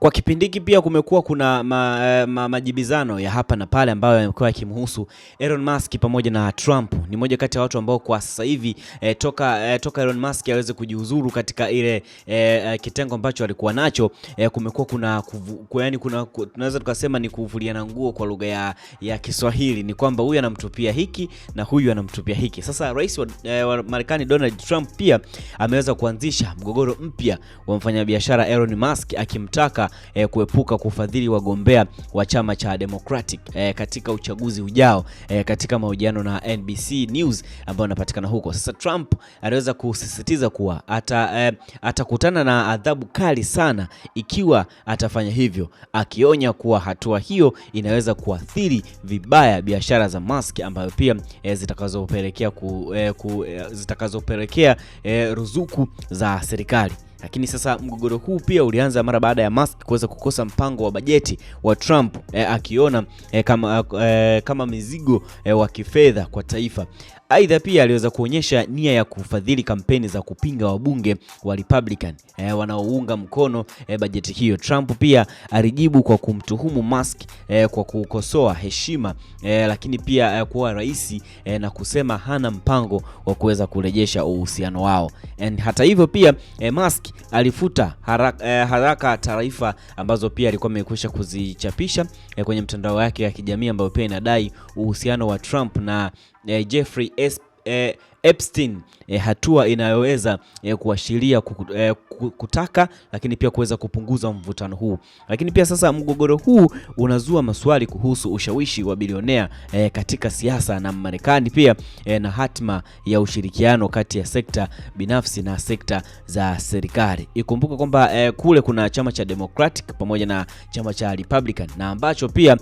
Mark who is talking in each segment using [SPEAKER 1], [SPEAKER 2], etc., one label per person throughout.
[SPEAKER 1] Kwa kipindi hiki pia kumekuwa kuna ma, eh, ma, majibizano ya hapa na pale ambayo yamekuwa yakimhusu Elon Musk pamoja na Trump. Ni moja kati ya watu ambao kwa sasa hivi eh, toka, eh, toka Elon Musk aweze kujiuzuru katika ile eh, eh kitengo ambacho alikuwa nacho eh, kumekuwa kuna yaani kuna tunaweza tukasema ni kuvuliana nguo kwa lugha ya, ya Kiswahili ni kwamba huyu anamtupia hiki na huyu anamtupia hiki. Sasa rais wa, eh, wa Marekani Donald Trump pia ameweza kuanzisha mgogoro mpya wa mfanyabiashara Elon Musk akimtaka eh, kuepuka kufadhili wagombea wa chama cha Democratic eh, katika uchaguzi ujao eh, katika mahojiano na NBC News ambayo anapatikana huko. Sasa Trump aliweza kusisitiza kuwa ata, eh, atakutana na adhabu kali sana ikiwa atafanya hivyo, akionya kuwa hatua hiyo inaweza kuathiri vibaya biashara za Musk ambayo pia eh, zitakazopelekea ku, eh, ku, eh, zitakazopelekea eh, ruzuku za serikali. Lakini sasa mgogoro huu pia ulianza mara baada ya Musk kuweza kukosa mpango wa bajeti wa Trump eh, akiona eh, kama, eh, kama mizigo eh, wa kifedha kwa taifa. Aidha, pia aliweza kuonyesha nia ya kufadhili kampeni za kupinga wabunge wa Republican e, wanaounga mkono e, bajeti hiyo. Trump pia alijibu kwa kumtuhumu Musk e, kwa kukosoa heshima e, lakini pia e, kuwa rais e, na kusema hana mpango wa kuweza kurejesha uhusiano wao. And hata hivyo pia e, Musk alifuta haraka, e, haraka taarifa ambazo pia alikuwa amekwisha kuzichapisha e, kwenye mtandao wake ya kijamii ambayo pia inadai uhusiano wa Trump na e, Jeffrey eh, Epstein eh, hatua inayoweza eh, kuashiria eh, kutaka lakini pia kuweza kupunguza mvutano huu. Lakini pia sasa mgogoro huu unazua maswali kuhusu ushawishi wa bilionea eh, katika siasa na Marekani pia eh, na hatima ya ushirikiano kati ya sekta binafsi na sekta za serikali. ikumbuka kwamba eh, kule kuna chama cha Democratic pamoja na chama cha Republican na ambacho pia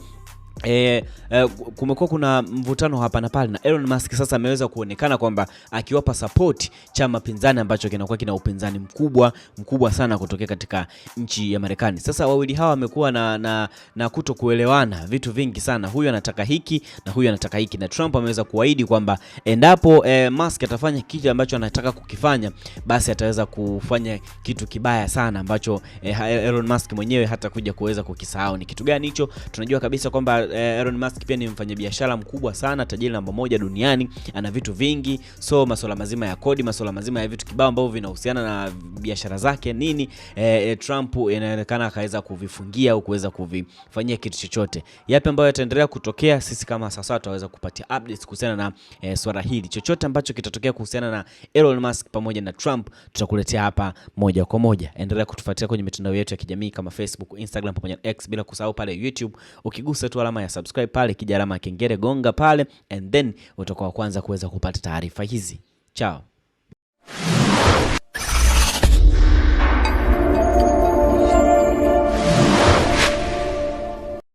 [SPEAKER 1] E, e, kumekuwa kuna mvutano hapa na pale na Elon Musk sasa ameweza kuonekana kwamba akiwapa support chama pinzani ambacho kinakuwa kina upinzani mkubwa mkubwa sana kutokea katika nchi ya Marekani. Sasa wawili hawa wamekuwa na, na, na kuto kuelewana vitu vingi sana, huyu anataka hiki na huyu anataka hiki, na Trump ameweza kuahidi kwamba endapo e, Musk atafanya kitu ambacho anataka kukifanya, basi ataweza kufanya kitu kibaya sana ambacho e, Elon Musk mwenyewe hata kuja kuweza kukisahau. Ni kitu gani hicho? Tunajua kabisa kwamba eh, Elon Musk pia ni mfanyabiashara mkubwa sana, tajiri namba moja duniani, ana vitu vingi, so masuala mazima ya kodi, masuala mazima ya vitu kibao ambavyo vinahusiana na biashara zake nini, eh, eh Trump inaonekana akaweza kuvifungia au kuweza kuvifanyia kitu chochote. Yapi ambayo yataendelea kutokea, sisi kama sasa tutaweza kupatia updates kuhusiana na eh, swala hili. Chochote ambacho kitatokea kuhusiana na Elon Musk pamoja na Trump tutakuletea hapa moja kwa moja. Endelea kutufuatilia kwenye mitandao yetu ya kijamii kama Facebook, Instagram pamoja na X bila kusahau pale YouTube ukigusa tu alama alama ya subscribe pale, kijarama kengele, gonga pale and then utakuwa wa kwanza kuweza kupata taarifa hizi. Chao.